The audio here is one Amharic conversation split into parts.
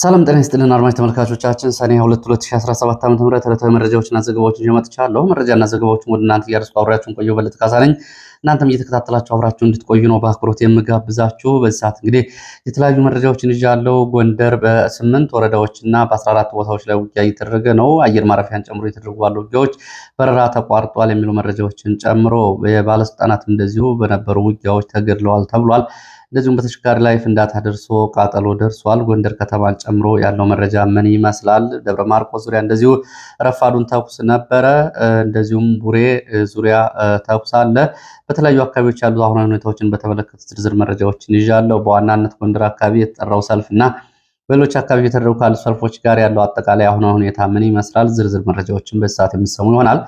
ሰላም ጤና ይስጥልን አድማጭ ተመልካቾቻችን፣ ሰኔ 2 2017 ዓ.ም ዕለታዊ መረጃዎችና ዘገባዎችን ይዤ መጥቻለሁ። መረጃና ዘገባዎችን ወደ እናንተ እያደረስኩ አብሬያችሁን ቆዩ በለጠ ካሳ ነኝ። እናንተም እየተከታተላችሁ አብራችሁ እንድትቆዩ ነው በአክብሮት የምጋብዛችሁ። በዚህ ሰዓት እንግዲህ የተለያዩ መረጃዎችን ይዣለሁ። ጎንደር በስምንት ወረዳዎችና በ14 ቦታዎች ላይ ውጊያ እየተደረገ ነው። አየር ማረፊያን ጨምሮ የተደረጉ ባሉ ውጊያዎች በረራ ተቋርጧል የሚሉ መረጃዎችን ጨምሮ ባለስልጣናት እንደዚሁ በነበሩ ውጊያዎች ተገድለዋል ተብሏል። እንደዚሁም በተሽከርካሪ ላይ ፍንዳታ ደርሶ ቃጠሎ ደርሷል። ጎንደር ከተማን ጨምሮ ያለው መረጃ ምን ይመስላል? ደብረ ማርቆስ ዙሪያ እንደዚሁ ረፋዱን ተኩስ ነበረ። እንደዚሁም ቡሬ ዙሪያ ተኩስ አለ። በተለያዩ አካባቢዎች ያሉ አሁን ሁኔታዎችን በተመለከቱ ዝርዝር መረጃዎችን ይዣለሁ። በዋናነት ጎንደር አካባቢ የተጠራው ሰልፍ እና በሌሎች አካባቢ የተደረጉ ካሉ ሰልፎች ጋር ያለው አጠቃላይ አሁን ሁኔታ ምን ይመስላል? ዝርዝር መረጃዎችን በዚህ ሰዓት ይሆናል።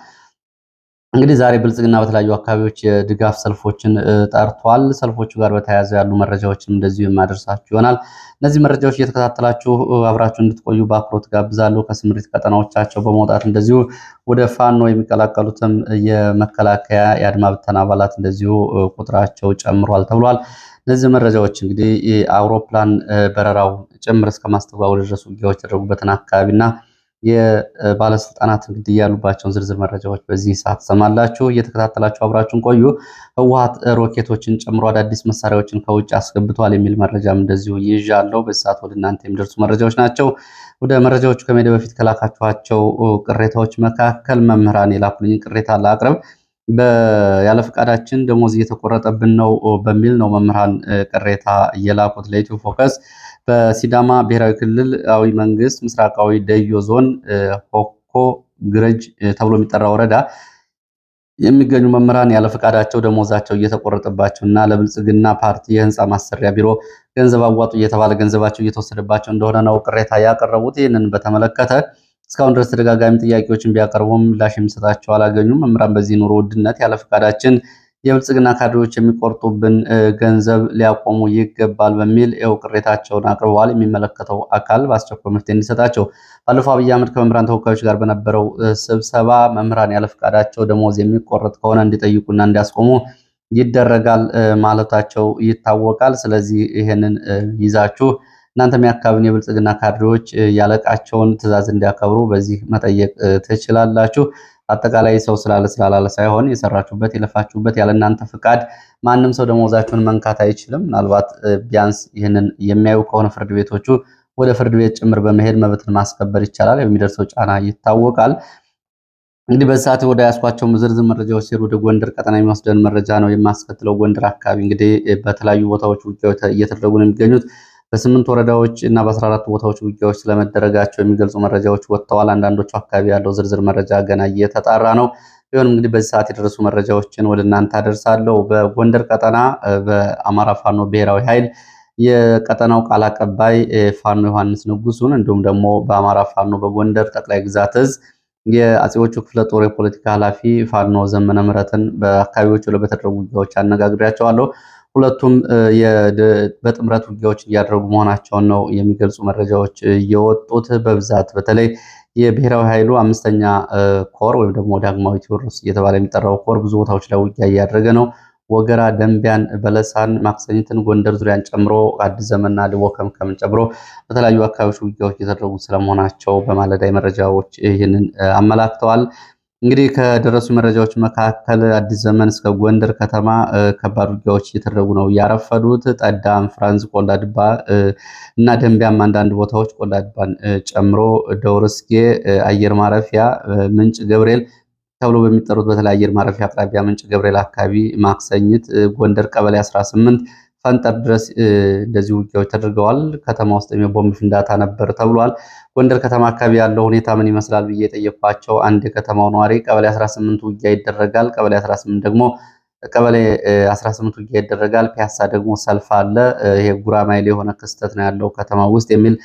እንግዲህ ዛሬ ብልጽግና በተለያዩ አካባቢዎች የድጋፍ ሰልፎችን ጠርቷል። ሰልፎቹ ጋር በተያያዘ ያሉ መረጃዎችን እንደዚሁ የማደርሳችሁ ይሆናል። እነዚህ መረጃዎች እየተከታተላችሁ አብራችሁ እንድትቆዩ በአክብሮት ጋብዛለሁ። ከስምሪት ቀጠናዎቻቸው በመውጣት እንደዚሁ ወደ ፋኖ የሚቀላቀሉትም የመከላከያ የአድማ ብተና አባላት እንደዚሁ ቁጥራቸው ጨምሯል ተብሏል። እነዚህ መረጃዎች እንግዲህ አውሮፕላን በረራው ጭምር እስከ ማስተጓጎል የደረሱ ውጊያዎች ያደረጉበትን አካባቢና የባለስልጣናት እንግዲህ ያሉባቸውን ዝርዝር መረጃዎች በዚህ ሰዓት ትሰማላችሁ። እየተከታተላችሁ አብራችሁን ቆዩ። ህወሀት ሮኬቶችን ጨምሮ አዳዲስ መሳሪያዎችን ከውጭ አስገብቷል የሚል መረጃም እንደዚሁ ይዣለሁ። በዚህ ሰዓት ወደ እናንተ የሚደርሱ መረጃዎች ናቸው። ወደ መረጃዎቹ ከመሄድ በፊት ከላካችኋቸው ቅሬታዎች መካከል መምህራን የላኩልኝን ቅሬታ ላቅርብ። ያለ ፈቃዳችን ደሞዝ እየተቆረጠብን ነው በሚል ነው መምህራን ቅሬታ እየላኩት ለኢትዮ ፎከስ በሲዳማ ብሔራዊ ክልላዊ መንግስት ምስራቃዊ ደዮ ዞን ሆኮ ግረጅ ተብሎ የሚጠራ ወረዳ የሚገኙ መምህራን ያለ ፈቃዳቸው ደሞዛቸው እየተቆረጠባቸው እና ለብልጽግና ፓርቲ የህንፃ ማሰሪያ ቢሮ ገንዘብ አዋጡ እየተባለ ገንዘባቸው እየተወሰደባቸው እንደሆነ ነው ቅሬታ ያቀረቡት። ይህንን በተመለከተ እስካሁን ድረስ ተደጋጋሚ ጥያቄዎችን ቢያቀርቡም ምላሽ የሚሰጣቸው አላገኙም። መምህራን በዚህ ኑሮ ውድነት ያለ ፈቃዳችን የብልጽግና ካድሬዎች የሚቆርጡብን ገንዘብ ሊያቆሙ ይገባል በሚል ው ቅሬታቸውን አቅርበዋል። የሚመለከተው አካል በአስቸኳይ መፍትሄ እንዲሰጣቸው ባለፈው አብይ አህመድ ከመምህራን ተወካዮች ጋር በነበረው ስብሰባ መምህራን ያለ ፈቃዳቸው ደሞዝ የሚቆረጥ ከሆነ እንዲጠይቁና እንዲያስቆሙ ይደረጋል ማለታቸው ይታወቃል። ስለዚህ ይህንን ይዛችሁ እናንተም የአካባቢውን የብልጽግና ካድሬዎች ያለቃቸውን ትዕዛዝ እንዲያከብሩ በዚህ መጠየቅ ትችላላችሁ። አጠቃላይ ሰው ስላለ ስላላለ ሳይሆን የሰራችሁበት የለፋችሁበት ያለ እናንተ ፍቃድ ማንም ሰው ደሞዛችሁን መንካት አይችልም። ምናልባት ቢያንስ ይህንን የሚያዩ ከሆነ ፍርድ ቤቶቹ ወደ ፍርድ ቤት ጭምር በመሄድ መብትን ማስከበር ይቻላል። የሚደርሰው ጫና ይታወቃል። እንግዲህ በዚህ ወደ ያስኳቸው ዝርዝር መረጃዎች ሲሄድ ወደ ጎንደር ቀጠና የሚወስደን መረጃ ነው የማስከትለው። ጎንደር አካባቢ እንግዲህ በተለያዩ ቦታዎች ውጊያዎች እየተደረጉ ነው የሚገኙት። በስምንት ወረዳዎች እና በአስራ አራት ቦታዎች ውጊያዎች ስለመደረጋቸው የሚገልጹ መረጃዎች ወጥተዋል። አንዳንዶቹ አካባቢ ያለው ዝርዝር መረጃ ገና እየተጣራ ነው። ቢሆንም እንግዲህ በዚህ ሰዓት የደረሱ መረጃዎችን ወደ እናንተ አደርሳለሁ። በጎንደር ቀጠና በአማራ ፋኖ ብሔራዊ ኃይል የቀጠናው ቃል አቀባይ ፋኖ ዮሐንስ ንጉሱን እንዲሁም ደግሞ በአማራ ፋኖ በጎንደር ጠቅላይ ግዛት እዝ የአጼዎቹ ክፍለ ጦር የፖለቲካ ኃላፊ ፋኖ ዘመነ ምረትን በአካባቢዎቹ ላይ በተደረጉ ውጊያዎች አነጋግሬያቸዋለሁ። ሁለቱም በጥምረት ውጊያዎች እያደረጉ መሆናቸውን ነው የሚገልጹ መረጃዎች እየወጡት በብዛት በተለይ የብሔራዊ ኃይሉ አምስተኛ ኮር ወይም ደግሞ ዳግማዊ ቴዎድሮስ እየተባለ የሚጠራው ኮር ብዙ ቦታዎች ላይ ውጊያ እያደረገ ነው። ወገራ፣ ደንቢያን፣ በለሳን፣ ማክሰኝትን፣ ጎንደር ዙሪያን ጨምሮ አዲስ ዘመንና ልቦ ከምከምን ጨምሮ በተለያዩ አካባቢዎች ውጊያዎች እየተደረጉ ስለመሆናቸው በማለዳ መረጃዎች ይህንን አመላክተዋል። እንግዲህ ከደረሱ መረጃዎች መካከል አዲስ ዘመን እስከ ጎንደር ከተማ ከባድ ውጊያዎች እየተደረጉ ነው ያረፈዱት። ጠዳም፣ ፍራንዝ፣ ቆላድባ እና ደንቢያም አንዳንድ ቦታዎች ቆላድባን ጨምሮ ደውርስጌ አየር ማረፊያ ምንጭ ገብርኤል ተብሎ በሚጠሩት በተለይ አየር ማረፊያ አቅራቢያ ምንጭ ገብርኤል አካባቢ፣ ማክሰኝት፣ ጎንደር ቀበሌ 18 ፈንጠር ድረስ እንደዚህ ውጊያዎች ተደርገዋል። ከተማ ውስጥ የቦምብ ፍንዳታ ነበር ተብሏል። ጎንደር ከተማ አካባቢ ያለው ሁኔታ ምን ይመስላል ብዬ የጠየኳቸው አንድ የከተማው ነዋሪ ቀበሌ 18 ውጊያ ይደረጋል፣ ቀበሌ 18 ደግሞ ቀበሌ 18 ውጊያ ይደረጋል፣ ፒያሳ ደግሞ ሰልፍ አለ። ይሄ ጉራማይሌ የሆነ ክስተት ነው ያለው ከተማ ውስጥ የሚል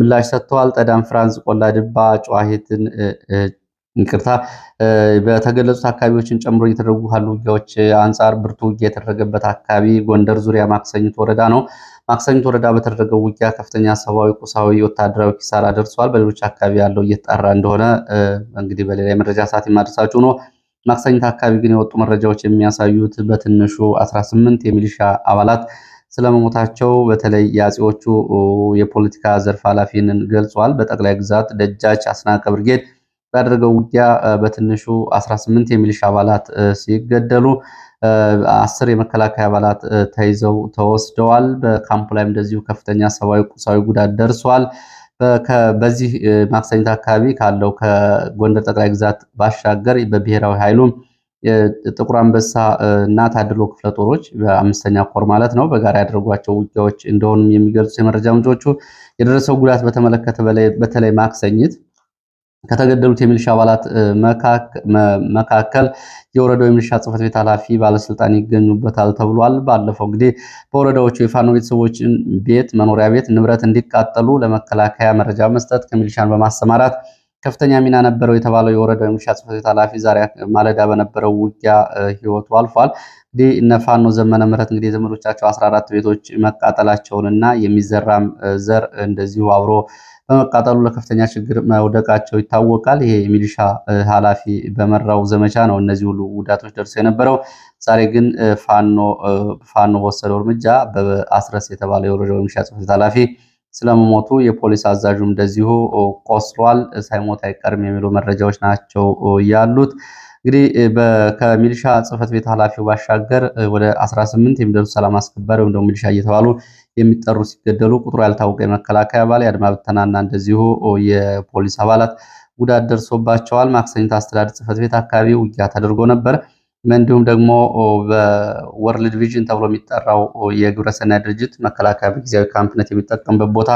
ምላሽ ሰጥተዋል። ጠዳም ፍራንስ ቆላ ድባ ጨዋሂትን ይቅርታ በተገለጹት አካባቢዎችን ጨምሮ እየተደረጉ ካሉ ውጊያዎች አንጻር ብርቱ ውጊያ የተደረገበት አካባቢ ጎንደር ዙሪያ ማክሰኝት ወረዳ ነው። ማክሰኝት ወረዳ በተደረገው ውጊያ ከፍተኛ ሰብአዊ፣ ቁሳዊ፣ ወታደራዊ ኪሳራ ደርሷል። በሌሎች አካባቢ ያለው እየተጣራ እንደሆነ እንግዲህ በሌላ የመረጃ ሰዓት የማድረሳችሁ ነው። ማክሰኝት አካባቢ ግን የወጡ መረጃዎች የሚያሳዩት በትንሹ 18 የሚሊሻ አባላት ስለመሞታቸው በተለይ የአጼዎቹ የፖለቲካ ዘርፍ ኃላፊንን ገልጿል። በጠቅላይ ግዛት ደጃች አስናቀ ብርጌድ ባደረገው ውጊያ በትንሹ 18 የሚሊሻ አባላት ሲገደሉ አስር የመከላከያ አባላት ተይዘው ተወስደዋል። በካምፕ ላይም እንደዚሁ ከፍተኛ ሰብአዊ፣ ቁሳዊ ጉዳት ደርሷል። በዚህ ማክሰኝት አካባቢ ካለው ከጎንደር ጠቅላይ ግዛት ባሻገር በብሔራዊ ኃይሉም ጥቁር አንበሳ እና ታድሎ ክፍለ ጦሮች በአምስተኛ ኮር ማለት ነው በጋራ ያደረጓቸው ውጊያዎች እንደሆኑም የሚገልጹ የመረጃ ምንጮቹ የደረሰው ጉዳት በተመለከተ በተለይ ማክሰኝት ከተገደሉት የሚሊሻ አባላት መካከል የወረዳው የሚሊሻ ጽፈት ቤት ኃላፊ ባለስልጣን ይገኙበታል ተብሏል። ባለፈው እንግዲህ በወረዳዎቹ የፋኖ ቤተሰቦችን ቤት፣ መኖሪያ ቤት፣ ንብረት እንዲቃጠሉ ለመከላከያ መረጃ መስጠት ከሚሊሻን በማሰማራት ከፍተኛ ሚና ነበረው የተባለው የወረዳው የሚሊሻ ጽሕፈት ቤት ኃላፊ ዛሬ ማለዳ በነበረው ውጊያ ህይወቱ አልፏል። እንግዲህ እነ ፋኖ ዘመነ ምህረት እንግዲህ የዘመዶቻቸው አስራ አራት ቤቶች መቃጠላቸውንና የሚዘራም ዘር እንደዚሁ አብሮ በመቃጠሉ ለከፍተኛ ችግር መውደቃቸው ይታወቃል። ይሄ የሚሊሻ ኃላፊ በመራው ዘመቻ ነው እነዚህ ሁሉ ጉዳቶች ደርሶ የነበረው። ዛሬ ግን ፋኖ በወሰደው እርምጃ በአስረስ የተባለ የወረዳው የሚሊሻ ጽሕፈት ኃላፊ ስለመሞቱ የፖሊስ አዛዡም እንደዚሁ ቆስሏል። ሳይሞት አይቀርም የሚሉ መረጃዎች ናቸው ያሉት። እንግዲህ ከሚሊሻ ጽሕፈት ቤት ኃላፊው ባሻገር ወደ 18 የሚደርሱ ሰላም አስከባሪ ወይም ደግሞ ሚሊሻ እየተባሉ የሚጠሩ ሲገደሉ ቁጥሩ ያልታወቀ የመከላከያ አባል የአድማ ብተናና እንደዚሁ የፖሊስ አባላት ጉዳት ደርሶባቸዋል። ማክሰኝት አስተዳደር ጽፈት ቤት አካባቢ ውጊያ ተደርጎ ነበር። እንዲሁም ደግሞ በወርልድ ቪዥን ተብሎ የሚጠራው የግብረሰናይ ድርጅት መከላከያ በጊዜያዊ ካምፕነት የሚጠቀምበት ቦታ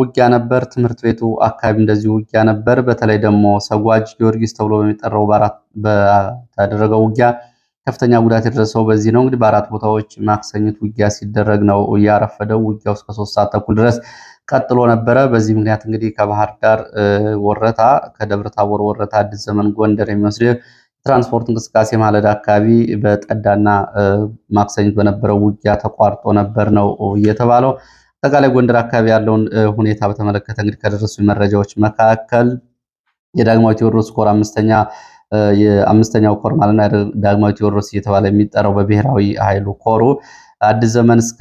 ውጊያ ነበር። ትምህርት ቤቱ አካባቢ እንደዚሁ ውጊያ ነበር። በተለይ ደግሞ ሰጓጅ ጊዮርጊስ ተብሎ በሚጠራው በተደረገው ውጊያ ከፍተኛ ጉዳት የደረሰው በዚህ ነው። እንግዲህ በአራት ቦታዎች ማክሰኝት ውጊያ ሲደረግ ነው እያረፈደው። ውጊያው እስከ ሶስት ሰዓት ተኩል ድረስ ቀጥሎ ነበረ። በዚህ ምክንያት እንግዲህ ከባህር ዳር ወረታ፣ ከደብረ ታቦር ወረታ፣ አዲስ ዘመን ጎንደር የሚወስድ ትራንስፖርት እንቅስቃሴ ማለዳ አካባቢ በጠዳና ማክሰኝት በነበረው ውጊያ ተቋርጦ ነበር ነው እየተባለው። አጠቃላይ ጎንደር አካባቢ ያለውን ሁኔታ በተመለከተ እንግዲህ ከደረሱ መረጃዎች መካከል የዳግማዊ ቴዎድሮስ ኮር አምስተኛ የአምስተኛው ኮር ማለት ዳግማዊ ቴዎድሮስ እየተባለ የሚጠራው በብሔራዊ ኃይሉ ኮሩ አዲስ ዘመን እስከ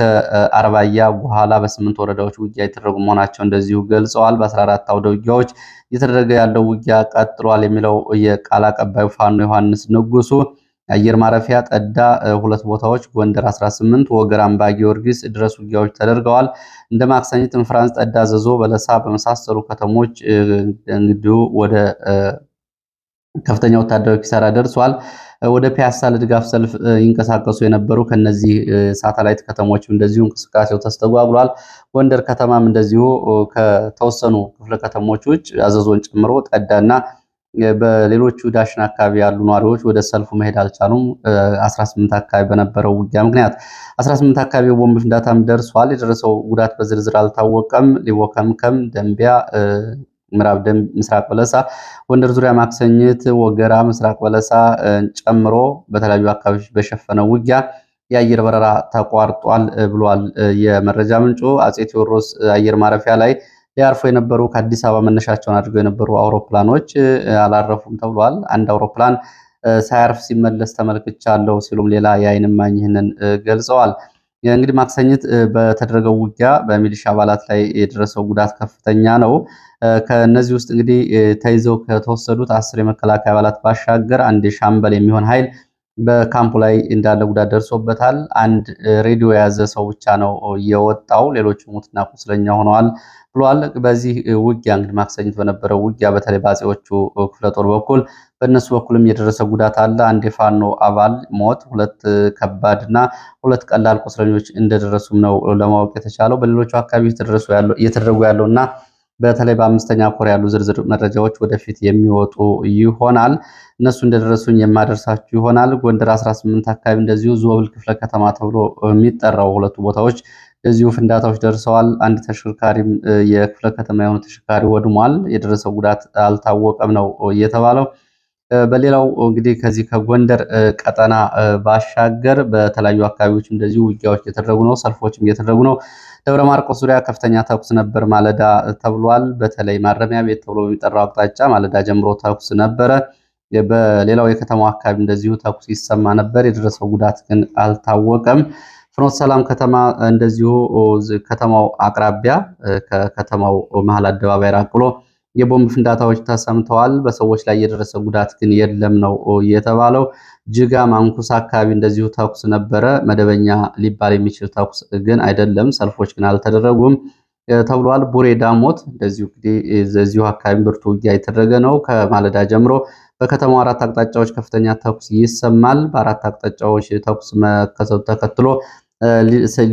አርባያ በኋላ በስምንት ወረዳዎች ውጊያ የተደረጉ መሆናቸው እንደዚሁ ገልጸዋል። በአስራ አራት አውደ ውጊያዎች እየተደረገ ያለው ውጊያ ቀጥሏል የሚለው የቃል አቀባዩ ፋኖ ዮሐንስ ንጉሱ አየር ማረፊያ ጠዳ ሁለት ቦታዎች፣ ጎንደር 18 ወገር አምባ ጊዮርጊስ ድረስ ውጊያዎች ተደርገዋል። እንደ ማክሰኝት፣ እንፍራንስ፣ ጠዳ፣ ዘዞ፣ በለሳ በመሳሰሉ ከተሞች እንግዲሁ ወደ ከፍተኛ ወታደራዊ ኪሳራ ደርሷል። ወደ ፒያሳ ለድጋፍ ሰልፍ ይንቀሳቀሱ የነበሩ ከነዚህ ሳተላይት ከተሞችም እንደዚሁ እንቅስቃሴው ተስተጓጉሏል። ጎንደር ከተማም እንደዚሁ ከተወሰኑ ክፍለ ከተሞች ውጭ አዘዞን ጨምሮ ጠዳና በሌሎቹ ዳሽን አካባቢ ያሉ ነዋሪዎች ወደ ሰልፉ መሄድ አልቻሉም። 18 አካባቢ በነበረው ውጊያ ምክንያት 18 አካባቢ የቦምብ ፍንዳታም ደርሷል። የደረሰው ጉዳት በዝርዝር አልታወቀም። ሊቦከምከም ደንቢያ ምዕራብ ደንብ፣ ምስራቅ በለሳ፣ ጎንደር ዙሪያ ማክሰኝት፣ ወገራ፣ ምስራቅ በለሳ ጨምሮ በተለያዩ አካባቢዎች በሸፈነው ውጊያ የአየር በረራ ተቋርጧል ብሏል የመረጃ ምንጩ። አጼ ቴዎድሮስ አየር ማረፊያ ላይ ሊያርፉ የነበሩ ከአዲስ አበባ መነሻቸውን አድርገው የነበሩ አውሮፕላኖች አላረፉም ተብሏል። አንድ አውሮፕላን ሳያርፍ ሲመለስ ተመልክቻለሁ ሲሉም ሌላ የአይን እማኝ ይህንን ገልጸዋል። እንግዲህ ማክሰኝት በተደረገው ውጊያ በሚሊሻ አባላት ላይ የደረሰው ጉዳት ከፍተኛ ነው። ከነዚህ ውስጥ እንግዲህ ተይዘው ከተወሰዱት አስር የመከላከያ አባላት ባሻገር አንድ የሻምበል የሚሆን ኃይል በካምፑ ላይ እንዳለ ጉዳት ደርሶበታል። አንድ ሬዲዮ የያዘ ሰው ብቻ ነው የወጣው፣ ሌሎቹ ሙትና ቁስለኛ ሆነዋል ብሏል። በዚህ ውጊያ እንግዲህ ማክሰኝት በነበረው ውጊያ በተለይ በአጼዎቹ ክፍለ ጦር በኩል በእነሱ በኩልም የደረሰ ጉዳት አለ። አንድ የፋኖ አባል ሞት፣ ሁለት ከባድ እና ሁለት ቀላል ቁስለኞች እንደደረሱም ነው ለማወቅ የተቻለው። በሌሎቹ አካባቢ እየተደረጉ ያለው እና በተለይ በአምስተኛ ኮር ያሉ ዝርዝር መረጃዎች ወደፊት የሚወጡ ይሆናል። እነሱ እንደደረሱኝ የማደርሳችሁ ይሆናል። ጎንደር 18 አካባቢ እንደዚሁ ዞብል ክፍለ ከተማ ተብሎ የሚጠራው ሁለቱ ቦታዎች እዚሁ ፍንዳታዎች ደርሰዋል። አንድ ተሽከርካሪም የክፍለ ከተማ የሆኑ ተሽከርካሪ ወድሟል። የደረሰው ጉዳት አልታወቀም ነው እየተባለው። በሌላው እንግዲህ ከዚህ ከጎንደር ቀጠና ባሻገር በተለያዩ አካባቢዎች እንደዚሁ ውጊያዎች እየተደረጉ ነው፣ ሰልፎችም እየተደረጉ ነው። ደብረ ማርቆስ ዙሪያ ከፍተኛ ተኩስ ነበር ማለዳ ተብሏል። በተለይ ማረሚያ ቤት ተብሎ በሚጠራው አቅጣጫ ማለዳ ጀምሮ ተኩስ ነበረ። በሌላው የከተማው አካባቢ እንደዚሁ ተኩስ ይሰማ ነበር። የደረሰው ጉዳት ግን አልታወቀም። ፍኖት ሰላም ከተማ እንደዚሁ ከተማው አቅራቢያ ከከተማው መሀል አደባባይ ራቅሎ የቦምብ ፍንዳታዎች ተሰምተዋል። በሰዎች ላይ የደረሰ ጉዳት ግን የለም ነው የተባለው። ጅጋ ማንኩስ አካባቢ እንደዚሁ ተኩስ ነበረ። መደበኛ ሊባል የሚችል ተኩስ ግን አይደለም። ሰልፎች ግን አልተደረጉም ተብሏል። ቡሬ ዳሞት እንደዚሁ እንግዲህ እዚሁ አካባቢ ብርቱ ውጊያ የተደረገ ነው። ከማለዳ ጀምሮ በከተማው አራት አቅጣጫዎች ከፍተኛ ተኩስ ይሰማል። በአራት አቅጣጫዎች ተኩስ መከሰቱ ተከትሎ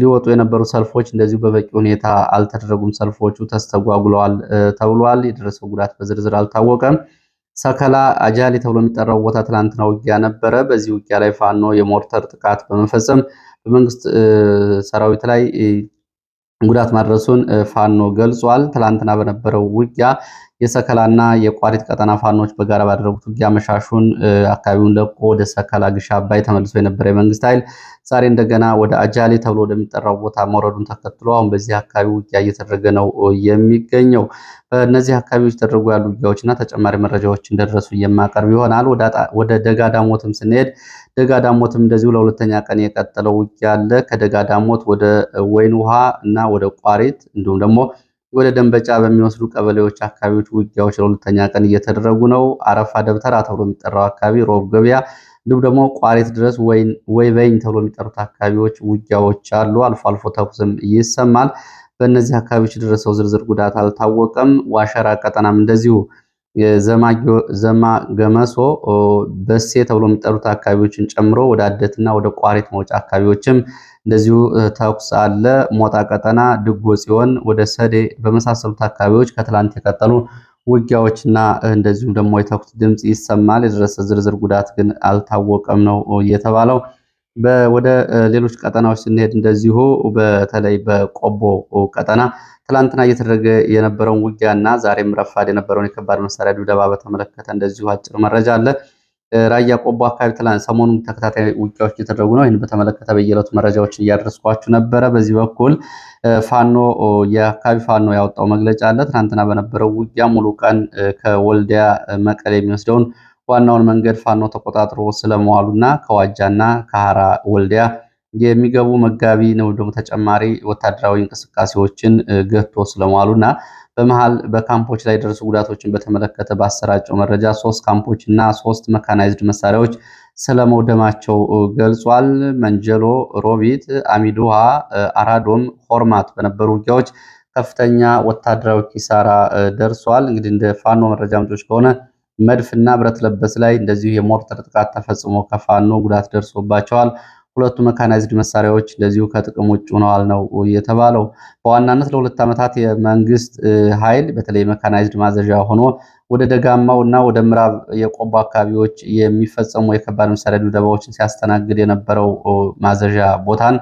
ሊወጡ የነበሩ ሰልፎች እንደዚሁ በበቂ ሁኔታ አልተደረጉም። ሰልፎቹ ተስተጓጉለዋል ተብሏል። የደረሰው ጉዳት በዝርዝር አልታወቀም። ሰከላ አጃሊ ተብሎ የሚጠራው ቦታ ትላንትና ውጊያ ነበረ። በዚህ ውጊያ ላይ ፋኖ የሞርተር ጥቃት በመፈጸም በመንግስት ሰራዊት ላይ ጉዳት ማድረሱን ፋኖ ገልጿል። ትላንትና በነበረው ውጊያ የሰከላና የቋሪት ቀጠና ፋኖች በጋራ ባደረጉት ውጊያ መሻሹን አካባቢውን ለቆ ወደ ሰከላ ግሻ አባይ ተመልሶ የነበረ የመንግስት ኃይል ዛሬ እንደገና ወደ አጃሌ ተብሎ ወደሚጠራው ቦታ መውረዱን ተከትሎ አሁን በዚህ አካባቢ ውጊያ እየተደረገ ነው የሚገኘው። በእነዚህ አካባቢዎች ተደረጉ ያሉ እና ተጨማሪ መረጃዎች እንደደረሱ የማቀርብ ይሆናል። ወደ ደጋ ዳሞትም ስንሄድ ዳሞትም እንደዚሁ ለሁለተኛ ቀን የቀጠለው ውጊያ አለ። ከደጋ ዳሞት ወደ ወይን ውሃ እና ወደ ቋሪት እንዲሁም ደግሞ ወደ ደንበጫ በሚወስዱ ቀበሌዎች አካባቢዎች ውጊያዎች ለሁለተኛ ቀን እየተደረጉ ነው። አረፋ ደብተራ ተብሎ የሚጠራው አካባቢ ሮብ ገበያ፣ እንዲሁም ደግሞ ቋሪት ድረስ ወይ በኝ ተብሎ የሚጠሩት አካባቢዎች ውጊያዎች አሉ። አልፎ አልፎ ተኩስም ይሰማል። በእነዚህ አካባቢዎች የደረሰው ዝርዝር ጉዳት አልታወቀም። ዋሸራ ቀጠናም እንደዚሁ ዘማ ገመሶ በሴ ተብሎ የሚጠሩት አካባቢዎችን ጨምሮ ወደ አደትና ወደ ቋሪት መውጫ አካባቢዎችም እንደዚሁ ተኩስ አለ። ሞጣ ቀጠና፣ ድጎ ጽዮን፣ ወደ ሰዴ በመሳሰሉት አካባቢዎች ከትላንት የቀጠሉ ውጊያዎችና እንደዚሁም ደግሞ የተኩስ ድምፅ ይሰማል። የደረሰ ዝርዝር ጉዳት ግን አልታወቀም ነው የተባለው። ወደ ሌሎች ቀጠናዎች ስንሄድ እንደዚሁ በተለይ በቆቦ ቀጠና ትላንትና እየተደረገ የነበረውን ውጊያና ዛሬም ረፋድ የነበረውን የከባድ መሳሪያ ድብደባ በተመለከተ እንደዚሁ አጭር መረጃ አለ። ራያ ቆቦ አካባቢ ትላንት ሰሞኑን ተከታታይ ውጊያዎች እየተደረጉ ነው። ይህን በተመለከተ በየለቱ መረጃዎችን እያደረስኳችሁ ነበረ። በዚህ በኩል ፋኖ የአካባቢ ፋኖ ያወጣው መግለጫ አለ። ትናንትና በነበረው ውጊያ ሙሉ ቀን ከወልዲያ መቀሌ የሚወስደውን ዋናውን መንገድ ፋኖ ተቆጣጥሮ ስለመዋሉና ከዋጃና ከሀራ ወልዲያ የሚገቡ መጋቢ ነው ደግሞ ተጨማሪ ወታደራዊ እንቅስቃሴዎችን ገቶ ስለመዋሉና በመሃል በካምፖች ላይ ደርሱ ጉዳቶችን በተመለከተ ባሰራጨው መረጃ ሶስት ካምፖች እና ሶስት መካናይዝድ መሳሪያዎች ስለመውደማቸው ገልጿል። መንጀሎ፣ ሮቢት፣ አሚዱሃ፣ አራዶም፣ ሆርማት በነበሩ ውጊያዎች ከፍተኛ ወታደራዊ ኪሳራ ደርሷል። እንግዲህ እንደ ፋኖ መረጃ ምንጮች ከሆነ መድፍና ብረት ለበስ ላይ እንደዚሁ የሞርተር ጥቃት ተፈጽሞ ከፋኖ ጉዳት ደርሶባቸዋል። ሁለቱ መካናይዝድ መሳሪያዎች እንደዚሁ ከጥቅም ውጭ ሆነዋል ነው የተባለው። በዋናነት ለሁለት ዓመታት የመንግስት ኃይል በተለይ መካናይዝድ ማዘዣ ሆኖ ወደ ደጋማው እና ወደ ምዕራብ የቆቦ አካባቢዎች የሚፈጸሙ የከባድ መሳሪያ ድብደባዎችን ሲያስተናግድ የነበረው ማዘዣ ቦታን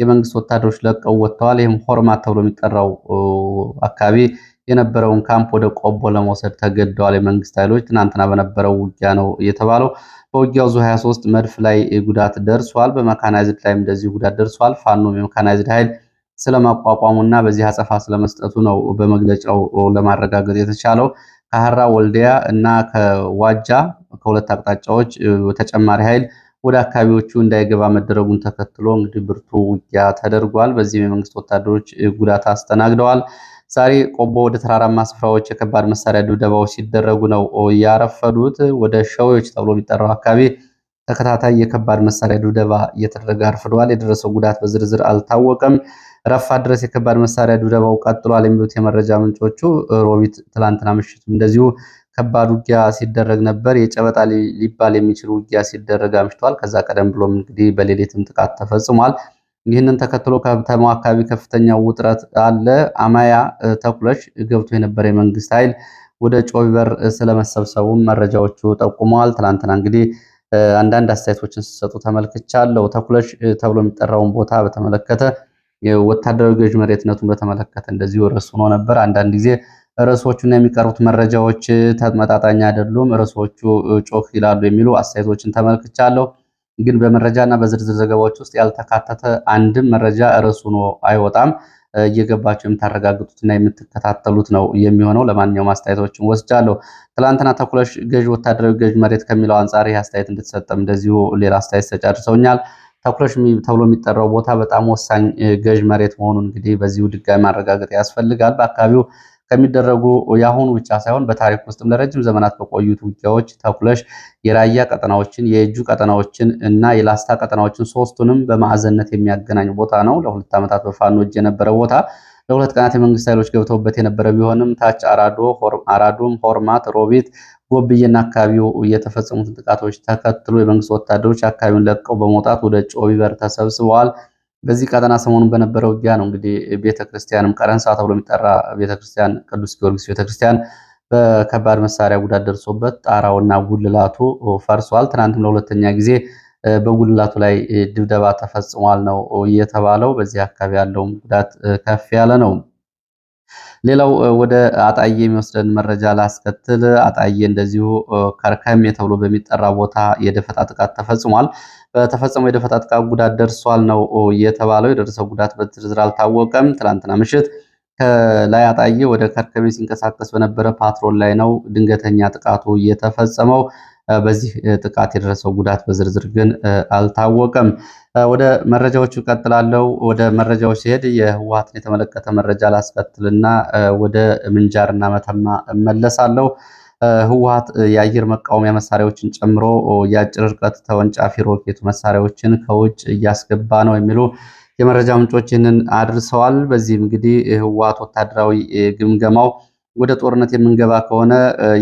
የመንግስት ወታደሮች ለቀው ወጥተዋል። ይህም ሆርማት ተብሎ የሚጠራው አካባቢ የነበረውን ካምፕ ወደ ቆቦ ለመውሰድ ተገደዋል የመንግስት ኃይሎች። ትናንትና በነበረው ውጊያ ነው የተባለው። በውጊያው ዙ 23 መድፍ ላይ ጉዳት ደርሷል። በመካናይዝድ ላይም እንደዚህ ጉዳት ደርሷል። ፋኖም የመካናይዝድ ኃይል ስለማቋቋሙና በዚህ አጸፋ ስለመስጠቱ ነው በመግለጫው ለማረጋገጥ የተቻለው። ከሀራ ወልዲያ እና ከዋጃ ከሁለት አቅጣጫዎች ተጨማሪ ኃይል ወደ አካባቢዎቹ እንዳይገባ መደረጉን ተከትሎ እንግዲህ ብርቱ ውጊያ ተደርጓል። በዚህም የመንግስት ወታደሮች ጉዳት አስተናግደዋል። ዛሬ ቆቦ ወደ ተራራማ ስፍራዎች የከባድ መሳሪያ ድብደባዎች ሲደረጉ ነው ያረፈዱት። ወደ ሸዎች ተብሎ የሚጠራው አካባቢ ተከታታይ የከባድ መሳሪያ ድብደባ እየተደረገ አርፍደዋል። የደረሰው ጉዳት በዝርዝር አልታወቀም። ረፋ ድረስ የከባድ መሳሪያ ድብደባው ቀጥሏል የሚሉት የመረጃ ምንጮቹ ሮቢት ትላንትና ምሽቱም እንደዚሁ ከባድ ውጊያ ሲደረግ ነበር። የጨበጣ ሊባል የሚችል ውጊያ ሲደረግ አምሽተዋል። ከዛ ቀደም ብሎም እንግዲህ በሌሊትም ጥቃት ተፈጽሟል። ይህንን ተከትሎ ከተማው አካባቢ ከፍተኛ ውጥረት አለ። አማያ ተኩለሽ ገብቶ የነበረ የመንግስት ኃይል ወደ ጮቢበር ስለመሰብሰቡም መረጃዎቹ ጠቁመዋል። ትላንትና እንግዲህ አንዳንድ አስተያየቶችን ሲሰጡ ተመልክቻለሁ። ተኩለሽ ተብሎ የሚጠራውን ቦታ በተመለከተ ወታደራዊ ገዥ መሬትነቱን በተመለከተ እንደዚሁ ርዕስ ሆኖ ነበር። አንዳንድ ጊዜ ርዕሶቹና የሚቀርቡት መረጃዎች ተመጣጣኝ አይደሉም፣ ርዕሶቹ ጮክ ይላሉ የሚሉ አስተያየቶችን ተመልክቻለሁ። ግን በመረጃና በዝርዝር ዘገባዎች ውስጥ ያልተካተተ አንድም መረጃ ርዕሱ ሆኖ አይወጣም። እየገባቸው የምታረጋግጡትና የምትከታተሉት ነው የሚሆነው። ለማንኛውም አስተያየቶችን ወስጃለሁ። ትላንትና ተኩለሽ ገዥ ወታደራዊ ገዥ መሬት ከሚለው አንጻር ይህ አስተያየት እንድትሰጠም እንደዚሁ ሌላ አስተያየት ተጫድሰውኛል። ተኩለሽ ተብሎ የሚጠራው ቦታ በጣም ወሳኝ ገዥ መሬት መሆኑን እንግዲህ በዚሁ ድጋሚ ማረጋገጥ ያስፈልጋል። በአካባቢው ከሚደረጉ የአሁኑ ብቻ ሳይሆን በታሪክ ውስጥም ለረጅም ዘመናት በቆዩት ውጊያዎች ተኩለሽ የራያ ቀጠናዎችን፣ የእጁ ቀጠናዎችን እና የላስታ ቀጠናዎችን ሶስቱንም በማዕዘነት የሚያገናኝ ቦታ ነው። ለሁለት ዓመታት በፋኖ እጅ የነበረ ቦታ ለሁለት ቀናት የመንግስት ኃይሎች ገብተውበት የነበረ ቢሆንም ታች አራዶ አራዶም ሆርማት፣ ሮቢት፣ ጎብዬና አካባቢው የተፈጸሙትን ጥቃቶች ተከትሎ የመንግስት ወታደሮች አካባቢውን ለቀው በመውጣት ወደ ጮቢበር ተሰብስበዋል። በዚህ ቀጠና ሰሞኑን በነበረው ውጊያ ነው እንግዲህ ቤተክርስቲያንም ቀረንሳ ተብሎ የሚጠራ ቤተክርስቲያን ቅዱስ ጊዮርጊስ ቤተክርስቲያን በከባድ መሳሪያ ጉዳት ደርሶበት ጣራውና ጉልላቱ ፈርሷል። ትናንትም ለሁለተኛ ጊዜ በጉልላቱ ላይ ድብደባ ተፈጽሟል ነው የተባለው። በዚህ አካባቢ ያለውም ጉዳት ከፍ ያለ ነው። ሌላው ወደ አጣዬ የሚወስደን መረጃ ላስከትል። አጣዬ እንደዚሁ ከርከሜ ተብሎ በሚጠራ ቦታ የደፈጣ ጥቃት ተፈጽሟል። በተፈጸመው የደፈጣ ጥቃት ጉዳት ደርሷል ነው የተባለው። የደረሰው ጉዳት በዝርዝር አልታወቀም። ትላንትና ምሽት ከላይ አጣዬ ወደ ከርከሜ ሲንቀሳቀስ በነበረ ፓትሮል ላይ ነው ድንገተኛ ጥቃቱ የተፈጸመው። በዚህ ጥቃት የደረሰው ጉዳት በዝርዝር ግን አልታወቀም። ወደ መረጃዎቹ ቀጥላለው። ወደ መረጃዎች ሲሄድ የህወሓትን የተመለከተ መረጃ ላስከትልና ወደ ምንጃርና መተማ እመለሳለሁ። ህወሓት የአየር መቃወሚያ መሳሪያዎችን ጨምሮ የአጭር ርቀት ተወንጫፊ ሮኬቱ መሳሪያዎችን ከውጭ እያስገባ ነው የሚሉ የመረጃ ምንጮች ይህንን አድርሰዋል። በዚህም እንግዲህ ህወሓት ወታደራዊ ግምገማው ወደ ጦርነት የምንገባ ከሆነ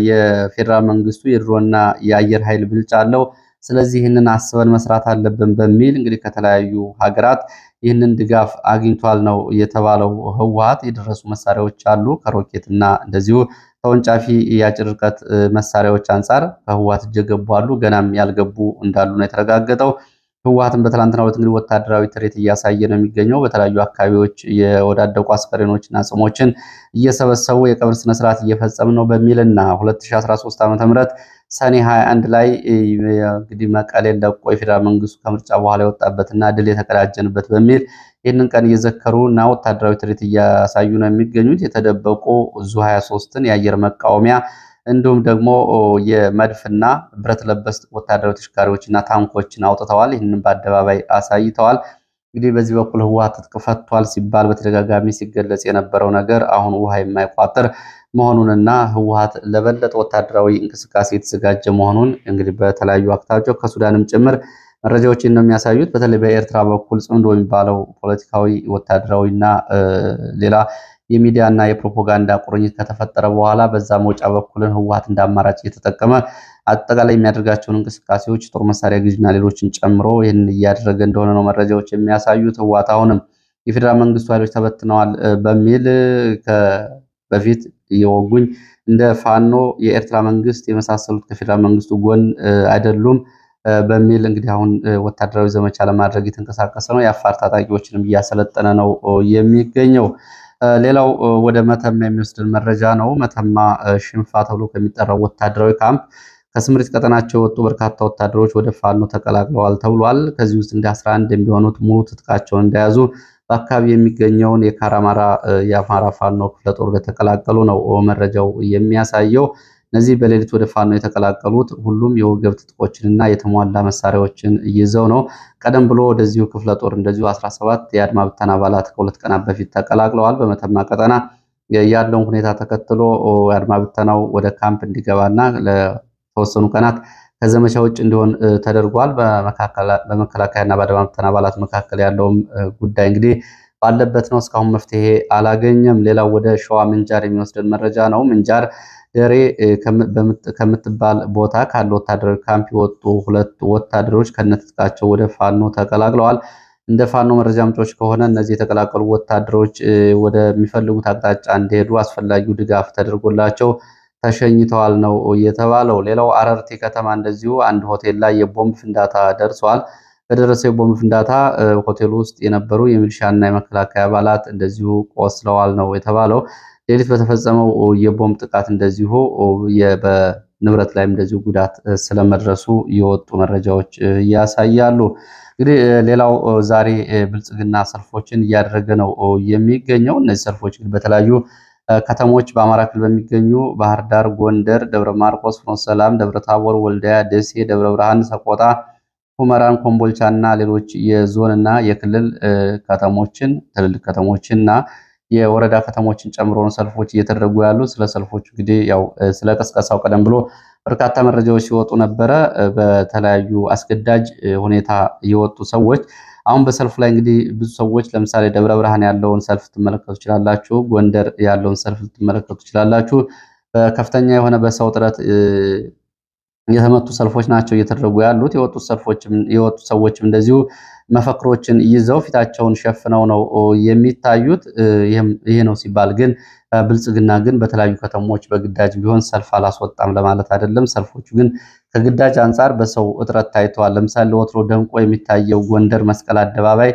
የፌዴራል መንግስቱ የድሮና የአየር ኃይል ብልጫ አለው። ስለዚህ ይህንን አስበን መስራት አለብን በሚል እንግዲህ ከተለያዩ ሀገራት ይህንን ድጋፍ አግኝቷል ነው የተባለው። ህወሀት የደረሱ መሳሪያዎች አሉ ከሮኬት እና እንደዚሁ ከወንጫፊ የአጭር ርቀት መሳሪያዎች አንጻር ከህወሀት እጅ የገቡ አሉ፣ ገናም ያልገቡ እንዳሉ ነው የተረጋገጠው። ህወሓትም በትላንትና ዕለት እንግዲህ ወታደራዊ ትርኢት እያሳየ ነው የሚገኘው። በተለያዩ አካባቢዎች የወዳደቁ አስከሬኖችና ጽሞችን እየሰበሰቡ የቀብር ስነስርዓት እየፈጸም ነው በሚልና 2013 ዓ ም ሰኔ 21 ላይ እንግዲህ መቀሌን ለቆ የፌዴራል መንግስቱ ከምርጫ በኋላ የወጣበትና ድል የተቀዳጀንበት በሚል ይህንን ቀን እየዘከሩ እና ወታደራዊ ትርኢት እያሳዩ ነው የሚገኙት። የተደበቁ ዙ 23ን የአየር መቃወሚያ እንዲሁም ደግሞ የመድፍና ብረት ለበስ ወታደራዊ እና ታንኮችን አውጥተዋል። ይህንን በአደባባይ አሳይተዋል። እንግዲህ በዚህ በኩል ህወሓት ትጥቅ ፈቷል ሲባል በተደጋጋሚ ሲገለጽ የነበረው ነገር አሁን ውሃ የማይቋጥር መሆኑንና ህወሓት ለበለጠ ወታደራዊ እንቅስቃሴ የተዘጋጀ መሆኑን እንግዲህ በተለያዩ አቅጣጫ ከሱዳንም ጭምር መረጃዎችን ነው የሚያሳዩት። በተለይ በኤርትራ በኩል ጽንዶ የሚባለው ፖለቲካዊ፣ ወታደራዊና ሌላ የሚዲያና የፕሮፓጋንዳ ቁርኝት ከተፈጠረ በኋላ በዛ መውጫ በኩልን ህወሀት እንደ አማራጭ እየተጠቀመ አጠቃላይ የሚያደርጋቸውን እንቅስቃሴዎች ጦር መሳሪያ ግዥና ሌሎችን ጨምሮ ይህን እያደረገ እንደሆነ ነው መረጃዎች የሚያሳዩት። ህወሀት አሁንም የፌዴራል መንግስቱ ኃይሎች ተበትነዋል በሚል በፊት እየወጉኝ እንደ ፋኖ የኤርትራ መንግስት የመሳሰሉት ከፌዴራል መንግስቱ ጎን አይደሉም በሚል እንግዲህ አሁን ወታደራዊ ዘመቻ ለማድረግ የተንቀሳቀሰ ነው። የአፋር ታጣቂዎችንም እያሰለጠነ ነው የሚገኘው። ሌላው ወደ መተማ የሚወስድን መረጃ ነው። መተማ ሽንፋ ተብሎ ከሚጠራው ወታደራዊ ካምፕ ከስምሪት ቀጠናቸው የወጡ በርካታ ወታደሮች ወደ ፋኖ ተቀላቅለዋል ተብሏል። ከዚህ ውስጥ እንደ 11 የሚሆኑት ሙሉ ትጥቃቸውን እንደያዙ በአካባቢ የሚገኘውን የካራማራ የአማራ ፋኖ ክፍለ ጦር እንደተቀላቀሉ ነው መረጃው የሚያሳየው። እነዚህ በሌሊት ወደ ፋኖ የተቀላቀሉት ሁሉም የወገብ ትጥቆችንና የተሟላ መሳሪያዎችን ይዘው ነው። ቀደም ብሎ ወደዚሁ ክፍለ ጦር እንደዚሁ 17 የአድማ ብተና አባላት ከሁለት ቀናት በፊት ተቀላቅለዋል። በመተማ ቀጠና ያለውን ሁኔታ ተከትሎ የአድማ ብተናው ወደ ካምፕ እንዲገባና ለተወሰኑ ቀናት ከዘመቻ ውጭ እንዲሆን ተደርጓል። በመከላከያና በአድማ ብተና አባላት መካከል ያለውም ጉዳይ እንግዲህ ባለበት ነው። እስካሁን መፍትሄ አላገኘም። ሌላው ወደ ሸዋ ምንጃር የሚወስደን መረጃ ነው። ምንጃር ገሬ ከምትባል ቦታ ካለ ወታደራዊ ካምፕ የወጡ ሁለት ወታደሮች ከነትጥቃቸው ወደ ፋኖ ተቀላቅለዋል። እንደ ፋኖ መረጃ ምንጮች ከሆነ እነዚህ የተቀላቀሉ ወታደሮች ወደሚፈልጉት አቅጣጫ እንዲሄዱ አስፈላጊው ድጋፍ ተደርጎላቸው ተሸኝተዋል ነው የተባለው። ሌላው አረርቲ ከተማ እንደዚሁ አንድ ሆቴል ላይ የቦምብ ፍንዳታ ደርሷል። በደረሰው የቦምብ ፍንዳታ ሆቴሉ ውስጥ የነበሩ የሚሊሻና የመከላከያ አባላት እንደዚሁ ቆስለዋል ነው የተባለው። ሌሊት በተፈጸመው የቦምብ ጥቃት እንደዚሁ በንብረት ላይም እንደዚሁ ጉዳት ስለመድረሱ የወጡ መረጃዎች ያሳያሉ። እንግዲህ ሌላው ዛሬ ብልጽግና ሰልፎችን እያደረገ ነው የሚገኘው። እነዚህ ሰልፎች በተለያዩ ከተሞች በአማራ ክልል በሚገኙ ባህር ዳር፣ ጎንደር፣ ደብረ ማርቆስ፣ ፍኖተ ሰላም፣ ደብረ ታቦር፣ ወልዳያ፣ ደሴ፣ ደብረ ብርሃን፣ ሰቆጣ፣ ሁመራን፣ ኮምቦልቻ እና ሌሎች የዞንና የክልል ከተሞችን ትልልቅ ከተሞችና የወረዳ ከተሞችን ጨምሮ ነው ሰልፎች እየተደረጉ ያሉ ስለ ሰልፎቹ እንግዲህ ያው ስለ ቀስቀሳው ቀደም ብሎ በርካታ መረጃዎች ሲወጡ ነበረ። በተለያዩ አስገዳጅ ሁኔታ የወጡ ሰዎች አሁን በሰልፍ ላይ እንግዲህ ብዙ ሰዎች ለምሳሌ ደብረ ብርሃን ያለውን ሰልፍ ልትመለከቱ ትችላላችሁ። ጎንደር ያለውን ሰልፍ ልትመለከቱ ትችላላችሁ። በከፍተኛ የሆነ በሰው ጥረት የተመቱ ሰልፎች ናቸው እየተደረጉ ያሉት። የወጡ ሰዎችም እንደዚሁ መፈክሮችን ይዘው ፊታቸውን ሸፍነው ነው የሚታዩት። ይሄ ነው ሲባል ግን ብልጽግና ግን በተለያዩ ከተሞች በግዳጅ ቢሆን ሰልፍ አላስወጣም ለማለት አይደለም። ሰልፎቹ ግን ከግዳጅ አንጻር በሰው እጥረት ታይተዋል። ለምሳሌ ወትሮ ደምቆ የሚታየው ጎንደር መስቀል አደባባይ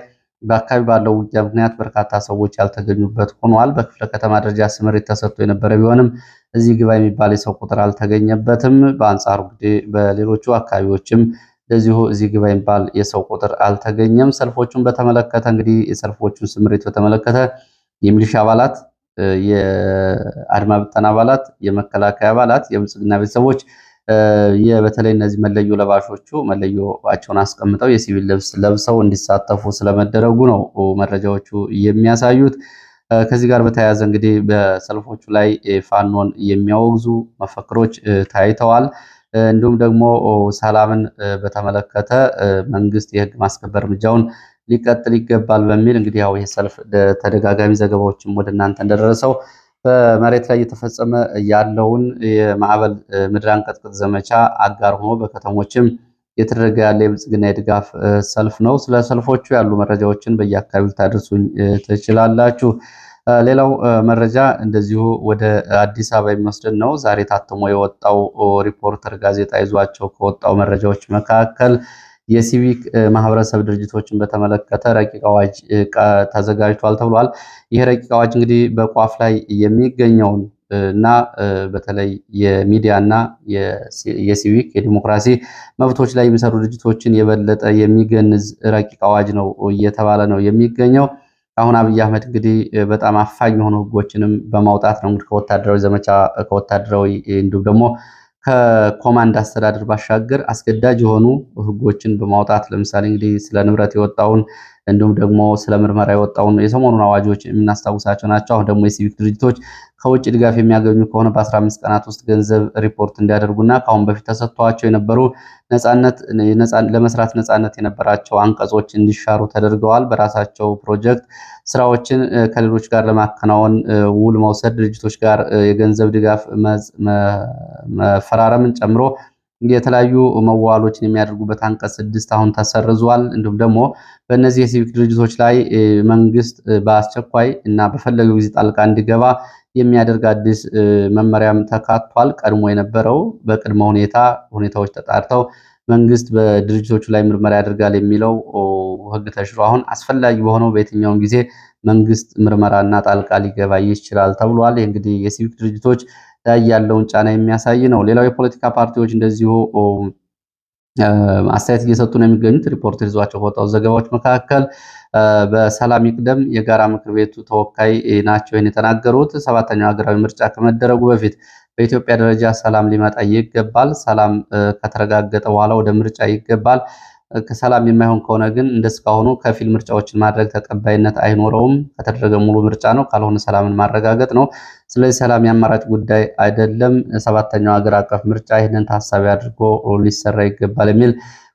በአካባቢ ባለው ውጊያ ምክንያት በርካታ ሰዎች ያልተገኙበት ሆኗል። በክፍለ ከተማ ደረጃ ስምሪት ተሰጥቶ የነበረ ቢሆንም እዚህ ግባ የሚባል የሰው ቁጥር አልተገኘበትም። በአንጻሩ እንግዲህ በሌሎቹ አካባቢዎችም እንደዚሁ እዚህ ግባ የሚባል የሰው ቁጥር አልተገኘም። ሰልፎቹን በተመለከተ እንግዲህ የሰልፎቹን ስምሪት በተመለከተ የሚሊሻ አባላት፣ የአድማ ብተና አባላት፣ የመከላከያ አባላት፣ የብልጽግና ቤተሰቦች በተለይ እነዚህ መለዮ ለባሾቹ መለዮቸውን አስቀምጠው የሲቪል ልብስ ለብሰው እንዲሳተፉ ስለመደረጉ ነው መረጃዎቹ የሚያሳዩት። ከዚህ ጋር በተያያዘ እንግዲህ በሰልፎቹ ላይ ፋኖን የሚያወግዙ መፈክሮች ታይተዋል። እንዲሁም ደግሞ ሰላምን በተመለከተ መንግስት የህግ ማስከበር እርምጃውን ሊቀጥል ይገባል በሚል እንግዲህ ያው የሰልፍ ተደጋጋሚ ዘገባዎችም ወደ እናንተ እንደደረሰው በመሬት ላይ እየተፈጸመ ያለውን የማዕበል ምድር አንቀጥቅጥ ዘመቻ አጋር ሆኖ በከተሞችም እየተደረገ ያለ የብልጽግና የድጋፍ ሰልፍ ነው። ስለ ሰልፎቹ ያሉ መረጃዎችን በየአካባቢው ልታደርሱኝ ትችላላችሁ። ሌላው መረጃ እንደዚሁ ወደ አዲስ አበባ የሚወስድን ነው። ዛሬ ታትሞ የወጣው ሪፖርተር ጋዜጣ ይዟቸው ከወጣው መረጃዎች መካከል የሲቪክ ማህበረሰብ ድርጅቶችን በተመለከተ ረቂቅ አዋጅ ተዘጋጅቷል ተብሏል። ይህ ረቂቅ አዋጅ እንግዲህ በቋፍ ላይ የሚገኘውን እና በተለይ የሚዲያ እና የሲቪክ የዲሞክራሲ መብቶች ላይ የሚሰሩ ድርጅቶችን የበለጠ የሚገንዝ ረቂቅ አዋጅ ነው እየተባለ ነው የሚገኘው። አሁን አብይ አህመድ እንግዲህ በጣም አፋኝ የሆኑ ህጎችንም በማውጣት ነው እንግዲህ ከወታደራዊ ዘመቻ ከወታደራዊ እንዲሁም ደግሞ ከኮማንድ አስተዳደር ባሻገር አስገዳጅ የሆኑ ህጎችን በማውጣት ለምሳሌ እንግዲህ ስለ ንብረት የወጣውን እንዲሁም ደግሞ ስለ ምርመራ የወጣውን የሰሞኑን አዋጆች የምናስታውሳቸው ናቸው። አሁን ደግሞ የሲቪክ ድርጅቶች ከውጭ ድጋፍ የሚያገኙ ከሆነ በ15 ቀናት ውስጥ ገንዘብ ሪፖርት እንዲያደርጉና ከአሁን በፊት ተሰጥቷቸው የነበሩ ለመስራት ነጻነት የነበራቸው አንቀጾች እንዲሻሩ ተደርገዋል። በራሳቸው ፕሮጀክት ስራዎችን ከሌሎች ጋር ለማከናወን ውል መውሰድ፣ ድርጅቶች ጋር የገንዘብ ድጋፍ መፈራረምን ጨምሮ የተለያዩ መዋሎችን የሚያደርጉበት አንቀጽ ስድስት አሁን ተሰርዟል። እንዲሁም ደግሞ በእነዚህ የሲቪክ ድርጅቶች ላይ መንግስት በአስቸኳይ እና በፈለገው ጊዜ ጣልቃ እንዲገባ የሚያደርግ አዲስ መመሪያም ተካቷል። ቀድሞ የነበረው በቅድመ ሁኔታ ሁኔታዎች ተጣርተው መንግስት በድርጅቶቹ ላይ ምርመራ ያደርጋል የሚለው ህግ ተሽሮ አሁን አስፈላጊ በሆነው በየትኛውም ጊዜ መንግስት ምርመራና ጣልቃ ሊገባ ይችላል ተብሏል። እንግዲህ የሲቪክ ድርጅቶች ላይ ያለውን ጫና የሚያሳይ ነው። ሌላው የፖለቲካ ፓርቲዎች እንደዚሁ አስተያየት እየሰጡ ነው የሚገኙት። ሪፖርተር ይዟቸው ከወጣው ዘገባዎች መካከል በሰላም ይቅደም የጋራ ምክር ቤቱ ተወካይ ናቸው ይህን የተናገሩት። ሰባተኛው ሀገራዊ ምርጫ ከመደረጉ በፊት በኢትዮጵያ ደረጃ ሰላም ሊመጣ ይገባል፣ ሰላም ከተረጋገጠ በኋላ ወደ ምርጫ ይገባል ሰላም የማይሆን ከሆነ ግን እንደስካሁኑ ከፊል ምርጫዎችን ማድረግ ተቀባይነት አይኖረውም። ከተደረገ ሙሉ ምርጫ ነው፣ ካልሆነ ሰላምን ማረጋገጥ ነው። ስለዚህ ሰላም የአማራጭ ጉዳይ አይደለም። ሰባተኛው ሀገር አቀፍ ምርጫ ይህንን ታሳቢ አድርጎ ሊሰራ ይገባል የሚል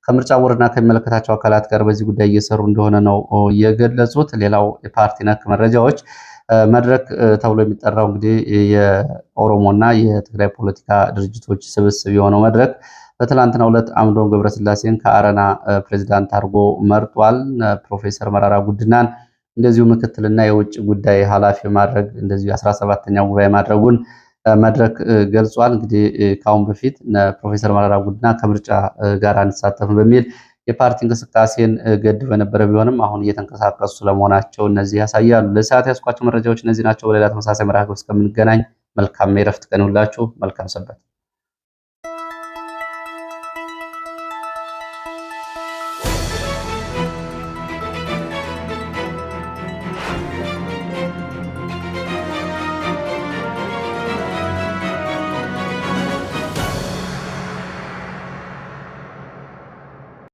ከምርጫ ቦርድና ከሚመለከታቸው አካላት ጋር በዚህ ጉዳይ እየሰሩ እንደሆነ ነው የገለጹት። ሌላው የፓርቲ ነክ መረጃዎች መድረክ ተብሎ የሚጠራው እንግዲህ የኦሮሞና የትግራይ ፖለቲካ ድርጅቶች ስብስብ የሆነው መድረክ በትላንትናው ዕለት አምዶም ገብረስላሴን ከአረና ፕሬዚዳንት አድርጎ መርጧል። ፕሮፌሰር መራራ ጉድናን እንደዚሁ ምክትልና የውጭ ጉዳይ ኃላፊ ማድረግ እንደዚሁ 17ኛ ጉባኤ ማድረጉን መድረክ ገልጿል። እንግዲህ ከአሁን በፊት ፕሮፌሰር መራራ ጉድና ከምርጫ ጋር አንሳተፍም በሚል የፓርቲ እንቅስቃሴን ገድበው ነበረ ቢሆንም አሁን እየተንቀሳቀሱ ስለመሆናቸው እነዚህ ያሳያሉ። ለሰዓት ያስኳቸው መረጃዎች እነዚህ ናቸው። በሌላ ተመሳሳይ መርሃ ግብር እስከምንገናኝ መልካም የእረፍት ቀን ይሁንላችሁ። መልካም ሰንበት።